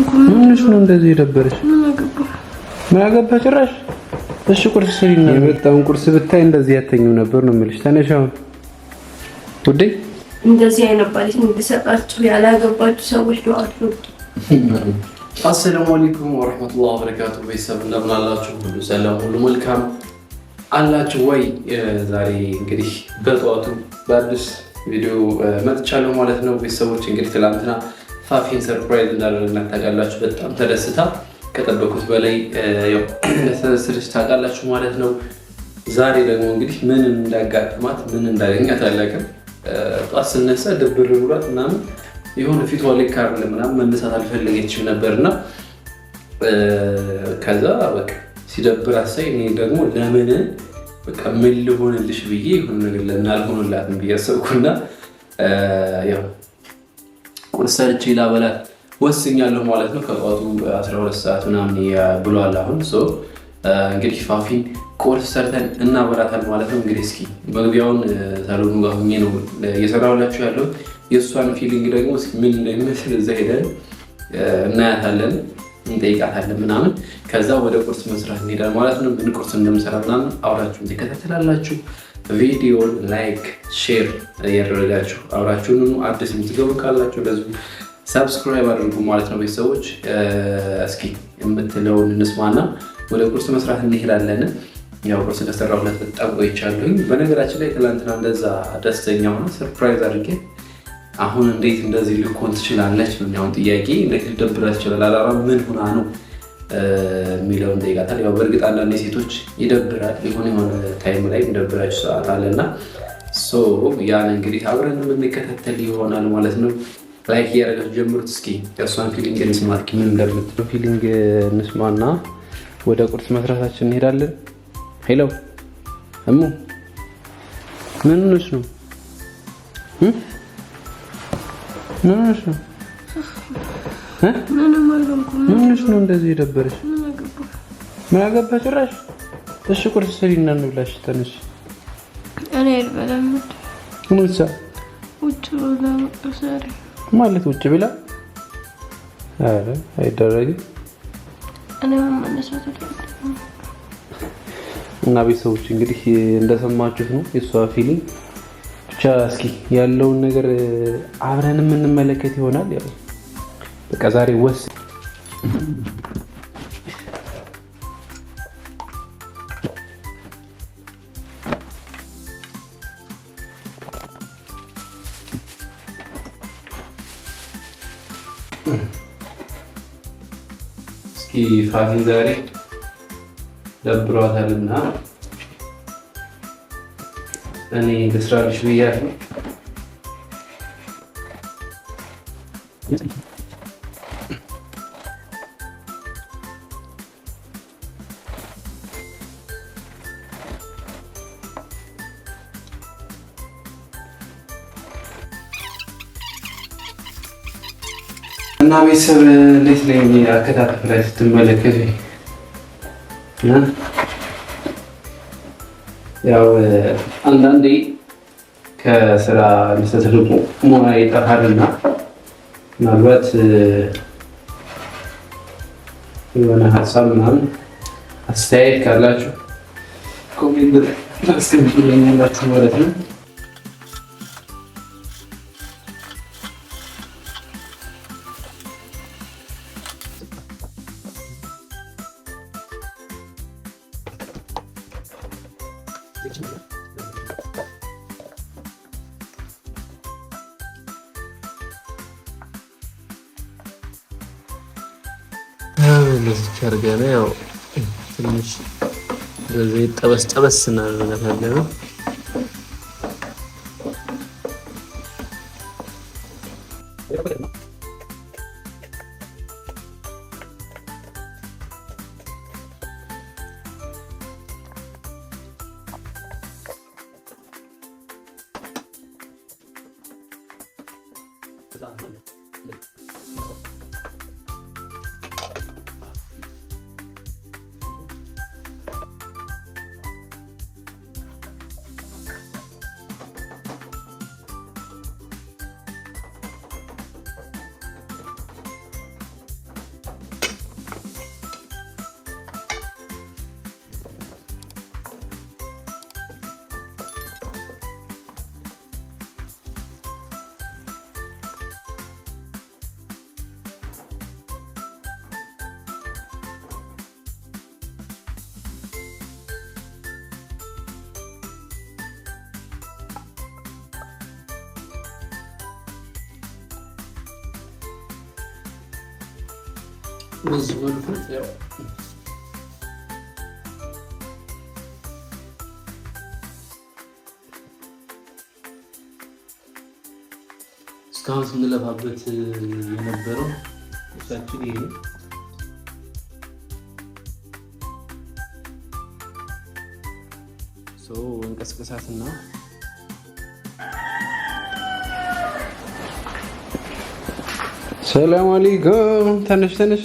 ምንሽ ነው እንደዚህ ምን አገባ ጭራሽ። እሺ ቁርስ የመጣውን ቁርስ ብታይ እንደዚህ ያተኝም ነበር ነው የምልሽ። ተነሽ አሁን ውዴ። እንደዚህ ያላገባችሁ ሰዎች አሰላሙ አለይኩም ወራህመቱላሂ ወበረካቱ። ቤተሰብ እንደምን አላችሁ? ሁሉ ሰላም፣ ሁሉ መልካም አላችሁ ወይ? ዛሬ እንግዲህ በጠዋቱ በአዲስ ቪዲዮ መጥቻለሁ ማለት ነው ቤተሰቦች። እንግዲህ ትላንትና ፋፊን ሰርፕራይዝ እንዳደረግናት ታውቃላችሁ። በጣም ተደስታ ከጠበኩት በላይ እንደተደሰተች ታውቃላችሁ ማለት ነው። ዛሬ ደግሞ እንግዲህ ምን እንዳጋጥማት ምን እንዳገኛት አላውቅም። ጧት ስነሳ ድብር ብሏት ምናምን የሆነ ፊቷ ልክ አይደለም ምናምን መነሳት አልፈለገችም ነበርና ከዛ በቃ ሲደብር አሳይ እኔ ደግሞ ለምን በቃ ምን ልሆንልሽ ብዬ የሆነ ነገር ለምን አልሆንላትም ብዬ አሰብኩና ያው ቁርስ ሰርቼ ላበላት ወስኛለሁ ማለት ነው። ከጠዋቱ 12 ሰዓት ምናምን ብሏል። አሁን እንግዲህ ፋፊን ቁርስ ሰርተን እናበላታል ማለት ነው። እንግዲህ እስኪ መግቢያውን ሳሎኑ ጋር ሁኜ ነው እየሰራሁላችሁ ያለው። የእሷን ፊሊንግ ደግሞ እስኪ ምን እንደሚመስል እዛ ሄደን እናያታለን፣ እንጠይቃታለን ምናምን። ከዛ ወደ ቁርስ መስራት እንሄዳል ማለት ነው። ምን ቁርስ እንደምሰራ ምናምን አውራችሁን ትከታተላላችሁ? ቪዲዮን ላይክ፣ ሼር እያደረጋችሁ አብራችሁን አዲስ የምትገቡ ካላችሁ ለዚ ሰብስክራይብ አድርጉ ማለት ነው። ቤተሰቦች እስኪ የምትለውን እንስማና ወደ ቁርስ መስራት እንሄዳለን። ያው ቁርስ ከሰራሁለት በጣም ቆይቻለሁኝ። በነገራችን ላይ ትላንትና እንደዛ ደስተኛ ሆነ ሰርፕራይዝ አድርጌ አሁን እንዴት እንደዚህ ልኮን ትችላለች ነው የሚያውን ጥያቄ እንዴት ልደብራት ይችላል አላራ ምን ሆና ነው የሚለውን ጠይቃታል። ያው በእርግጥ አንዳንድ ሴቶች ይደብራል፣ የሆነ የሆነ ታይም ላይ የሚደብራቸው ሰዓት አለ አለና ያን እንግዲህ አብረን የምንከታተል ይሆናል ማለት ነው። ላይክ እያደረጋችሁ ጀምሩት። እስኪ እሷን ፊሊንግ እንስማ፣ ምን እንደምትለው ፊሊንግ እንስማና ወደ ቁርስ መስራታችን እንሄዳለን። ሄሎ እሙ፣ ምን ነው? ምን ነው? ምንሽ ነው እንደዚህ የደበረሽ? ምን አገባ ጭራሽ። እሺ ቁርስ ስሪና እንብላሽ። ተነሽ። እኔ ብላ ማለት ውጭ ብላ አይደረግም። እና ቤተሰቦች እንግዲህ እንደሰማችሁት ነው የእሷ ፊሊንግ። ብቻ እስኪ ያለውን ነገር አብረን የምንመለከት ይሆናል ያው በቃ ዛሬ ወስ እስኪ ፋሲል ዛሬ ደብሯታልና እኔ ልስራልሽ ብያለሁ። ቤተሰብ እንዴት ነኝ? አከታተፍ ላይ ስትመለከት ያው አንዳንዴ ከስራ ንስተትልቁ ይጠፋል ይጠፋልና ምናልባት የሆነ ሀሳብ ምናምን አስተያየት ካላችሁ ኮሜንት አስቀምጡልኝ ማለት ነው። እንደዚህ አድርገን ያው ትንሽ በዘይት ጠበስ ጠበስ እናደርጋታለን። 嗯。እስካሁን ስንለፋበት የነበረው ቁሳችን ይሄ እንቀስቀሳትና ሰላም አለይኩም። ተነሽ ተነሽ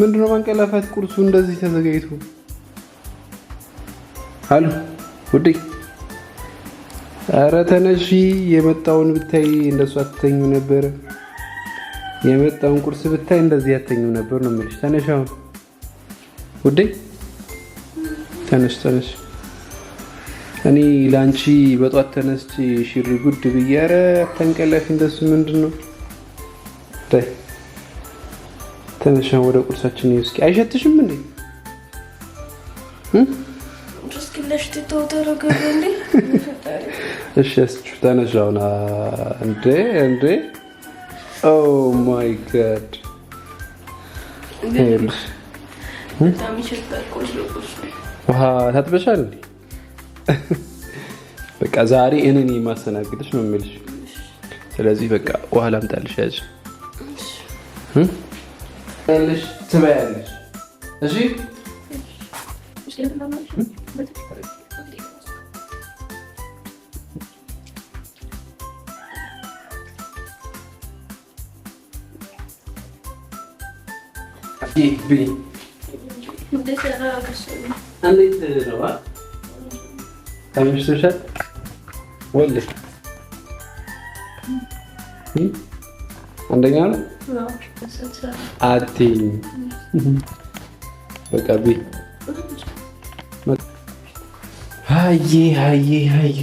ምንድነው ማንቀላፋት? ቁርሱ እንደዚህ ተዘጋጅቶ አሉ ውዴ። ኧረ ተነሺ፣ የመጣውን ብታይ እንደሱ አትተኙ ነበር። የመጣውን ቁርስ ብታይ እንደዚህ አትተኙ ነበር ነው የምልሽ። ተነሽ አሁን ውዴ፣ ተነሽ ተነሽ። እኔ ለአንቺ በጧት ተነስቼ ሽር ጉድ ብዬ ኧረ ተንቀላፊ እንደሱ ምንድን ነው ተነሻ ወደ ቁርሳችን እስኪ። አይሸትሽም እንዴ? እሺ ተነሻ ሁና። እንዴ እንዴ! ኦ ማይ ጋድ! ውሃ ታጥበሻል እንዴ? በቃ ዛሬ እኔን የማስተናግድሽ ነው የሚልሽ። ስለዚህ በቃ ውሃ ላምጣልሽ ያጭ ليش تماريش ماشي كيك بي بديت غير عندي تدروا هاي مش تشد ولا عندك انا؟ لا አትይኝ በቃ ቤ ሀዬ ሀዬ ሀዬ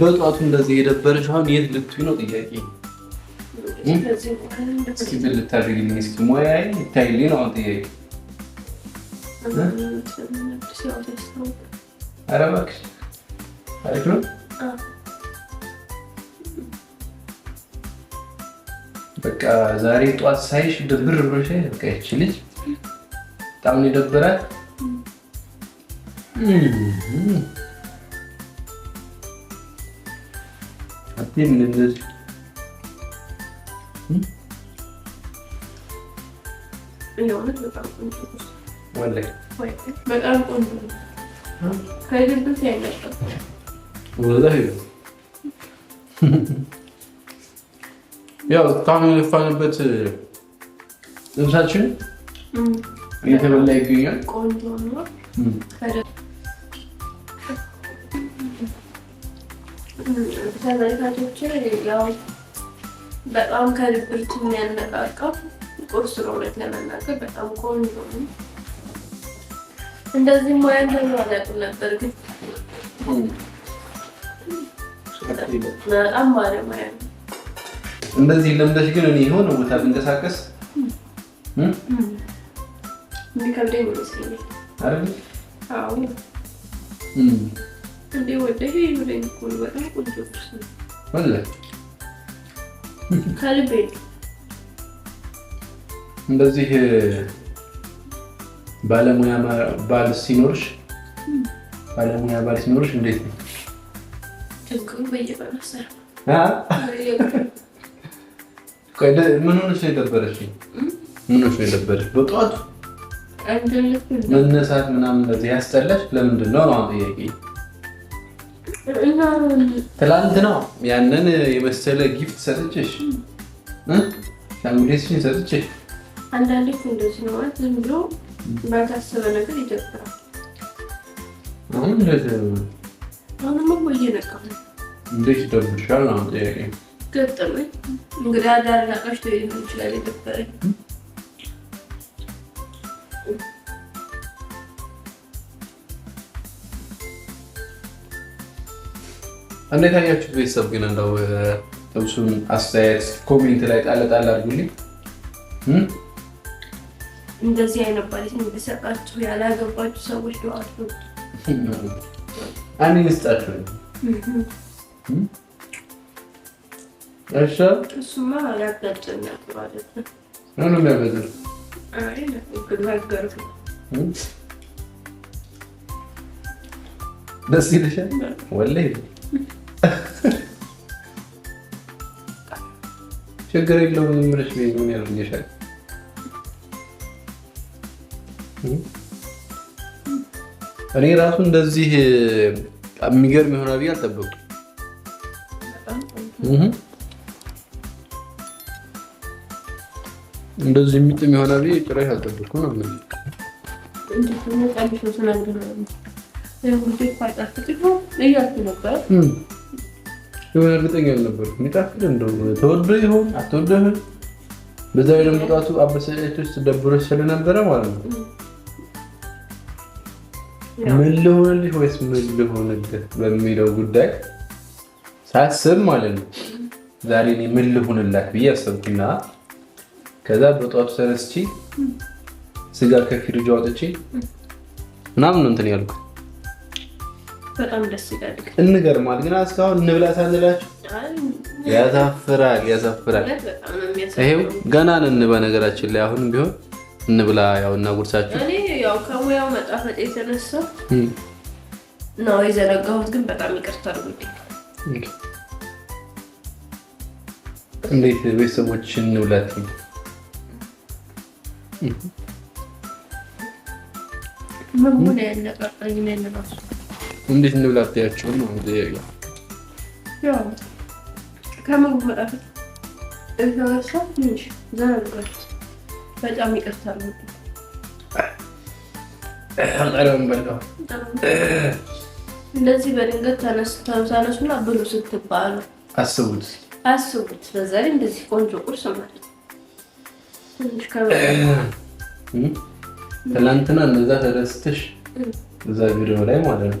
በጧቱ እንደዚህ የደበረሽ አሁን የት ልትይ ነው ጥያቄ እስኪ ብል ልታደርግልኝ እስኪ ሙያዬ ይታይልኝ ነው ጥያቄ። ኧረ እባክሽ አሪፍ ነው። በቃ ዛሬ ጠዋት ሳይሽ ድብር ብሎሻል። በቃ ይቺ ልጅ በጣም ነው የደበራት። ምንም ያው ጣም የለፋንበት ልብሳችን እየተበላ ይገኛል። ቆንጆ ነው። በጣም ከድብርት የሚያነቃቃ ቁርስ ነው። እውነት ለመናገር በጣም ቆንጆ ነው። እንደዚህ ማያን አላውቅም ነበር፣ ግን በጣም ማሪያ ማያ ነው። እንደዚህ ለምደሽ ግን እኔ የሆነ ቦታ ብንቀሳቀስ የሚከብደኝ ይመስለኛል። አረ አዎ እንዴ ወደ ይሄ በጣም ቆንጆ ነው። ከልቤ እንደዚህ ባለሙያ ባል ሲኖርሽ ባለሙያ ባል ሲኖርሽ እንዴት ነው? ምን ሆነሽ ነው የደበረሽ? ምን ሆነሽ ነው የደበረሽ? በጠዋቱ መነሳት ምናምን እንደዚህ ያስጠላሽ ለምንድን ነው ነው ጥያቄ ትላንት ነው ያንን የመሰለ ጊፍት ሰጥችሽ ሻንጉሌስሽን ሰጥቼሽ። አንዳንዴ እንደዚህ ነው ማለት ዝም ብሎ ባልታሰበ ነገር ይደብራል። አሁን አሁንማ እኮ እየነቃሁ ነው። እንዴት ይደብርሻል? ገጠመኝ እንግዲህ አዳር ላቀሽ ሊሆን ይችላል የደበረኝ እንዴት አያችሁ ቤተሰብ? ግን እንደው ጥብሱን አስተያየት ኮሜንት ላይ ጣል ጣል አድርጉልኝ። እንደዚህ አይነት ባሊት እንዲሰጣችሁ ያላገባችሁ ሰዎች ዱአ አድርጉ። ይስጣችሁ። እሺ እሱማ ያጋጨኛ ማለት ነው። ምን የሚያበዝር አይ ደስ ይልሻል ወላሂ ችግር የለውም የምልሽ ቤት ምን ያደርግልሻል? እኔ ራሱ እንደዚህ የሚገርም የሆነ ብዬ አልጠበኩም። እንደዚህ የሚጥም የሆነ ብዬ ጭራሽ አልጠበኩም ነው ምን የሆነ እርግጠኛ አልነበርኩም። የሚጣፍጥ እንደ ተወዶ ይሆን አትወዶ በዛ ላይ ደግሞ ጣቱ አበሳጫቸው ስትደብሮች ስለነበረ ማለት ነው። ምን ልሆንልህ ወይስ ምን ልሆንልህ በሚለው ጉዳይ ሳስብ ማለት ነው ዛሬ እኔ ምን ልሆንላት ብዬ አሰብኩና ከዛ በጠዋቱ ተነስቼ ስጋ ከፍሪጅ አውጥቼ ምናምን ነው እንትን ያልኩት በጣም ደስ ይላል። እንገርማል ግን እስካሁን እንብላ ሳንላችሁ ያሳፍራል፣ ያሳፍራል። ይሄው ገና ነን። በነገራችን ላይ አሁንም ቢሆን እንብላ ያው እና ጉርሳችሁ እኔ ያው ከሙያው መጣፈጥ የተነሳ ነው የዘነጋሁት፣ ግን በጣም ይቅርታ አድርጉልኝ። እንዴት ቤተሰቦች እንብላት መሆን ሆነ ያነቃቃኝ ነው እንዴት እንብላታያቸው ነው ጥያቄ። ያው ከምግቡ መጣፈጥ እዛ ትንሽ ዘና ልበላችሁ። በጣም እንደዚህ በድንገት ተነሱና ብሉ ስትባሉ አስቡት አስቡት። በዛ ላይ እንደዚህ ቆንጆ ቁርስ ማለት ትናንትና እንደዛ ተደስተሽ እዛ ቪዲዮ ላይ ማለት ነው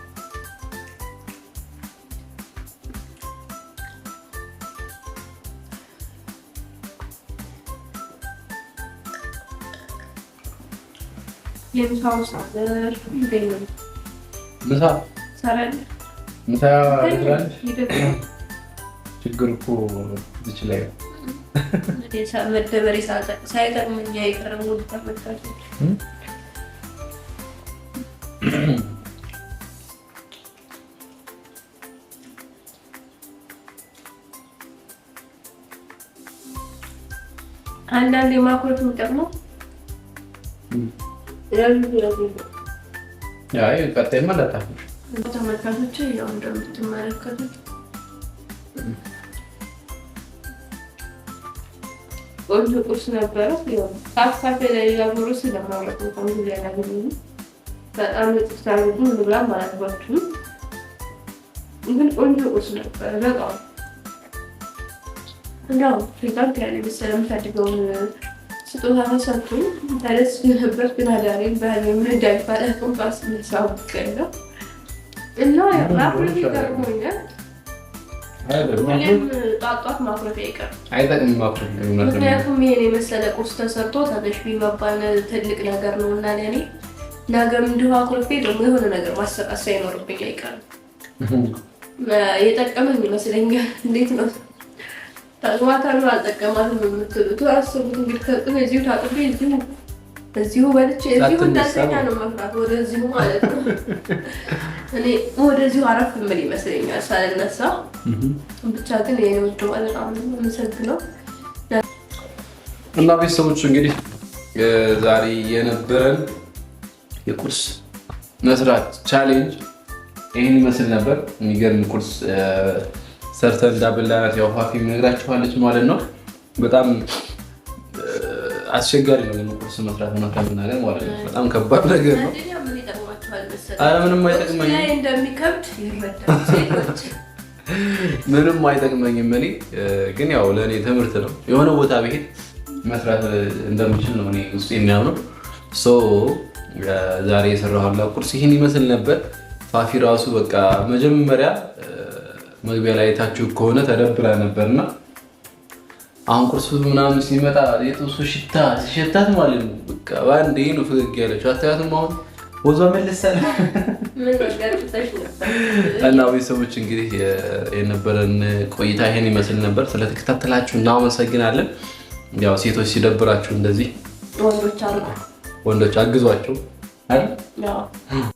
የምሳውን ሳዘር ይገኛል። ምሳ ምሳ ችግር እኮ ዝች ላይ መደበሬ ሳይጠቅመኛ የቀረሙ አንዳንድ የማኩረት የሚጠቅመው ቀጣይ ማለት ተመልካቾች ያው እንደምትመለከቱት ቆንጆ ቁርስ ነበረ። ካፍ ካፌ ላይ ያኖሩ ቆንጆ ሊያናገኝ በጣም ጥፍት ንብላ ማለት ግን ቆንጆ ቁርስ ነበረ። በጣም ያው ፊታን ከያለ ስለምፈልገውን ስጦታ ተሰጡኝ። ደስ ነበር ግን አዳሪ ባህል ምን እንዳይባል ኮምፓስ እና ማኩረፊ ይጠቅሞኛል። ጧጧት አይጠቅም ምክንያቱም ይሄን የመሰለ ቁርስ ተሰርቶ ትልቅ ነገር ነው እና ለእኔ ነገም እንዲሁ አኩረፌ ደግሞ የሆነ ነገር ማሰቃሳ ይኖርብኝ አይቀርም። የጠቀመኝ ይመስለኛል። እንዴት ነው ታጥባታለሁ አልጠቀማትም የምትሉት አስቡት እንግዲህ ከቅም እዚሁ ታጥቤ እዚሁ እዚሁ በልቼ እዚሁ እንዳልተኛ ነው መፍራት። ወደዚሁ ማለት ነው እኔ ወደዚሁ አረፍ የምል ይመስለኛል ሳልነሳ። ብቻ ግን ይሄ ወደ ማለት አመሰግነው እና ቤተሰቦች እንግዲህ ዛሬ የነበረን የቁርስ መስራት ቻሌንጅ ይህን ይመስል ነበር። የሚገርም ቁርስ ሰርተ እንዳበላናት ያው ፋፊ ነግራችኋለች ማለት ነው። በጣም አስቸጋሪ ነው ቁርስ መስራት ነው ከምናገር ማለት ነው። በጣም ከባድ ነገር ነው። ምንም አይጠቅመኝም፣ ምንም አይጠቅመኝም። እኔ ግን ያው ለእኔ ትምህርት ነው። የሆነ ቦታ ብሄድ መስራት እንደምችል ነው እኔ ውስጥ የሚያምነው። ዛሬ የሰራሁላ ቁርስ ይህን ይመስል ነበር። ፋፊ ራሱ በቃ መጀመሪያ መግቢያ ላይ አይታችሁ ከሆነ ተደብራ ነበርና አሁን ቁርስ ምናምን ሲመጣ የጥብሱ ሽታ ሲሸታት ማለት ነው በቃ በአንዴ ነው ፈገግ ያለች አስተያየቱም አሁን ወዞ መልሰን እና ቤተሰቦች እንግዲህ የነበረን ቆይታ ይሄን ይመስል ነበር። ስለተከታተላችሁ እናመሰግናለን። ያው ሴቶች ሲደብራችሁ እንደዚህ ወንዶች አግዟቸው አይደል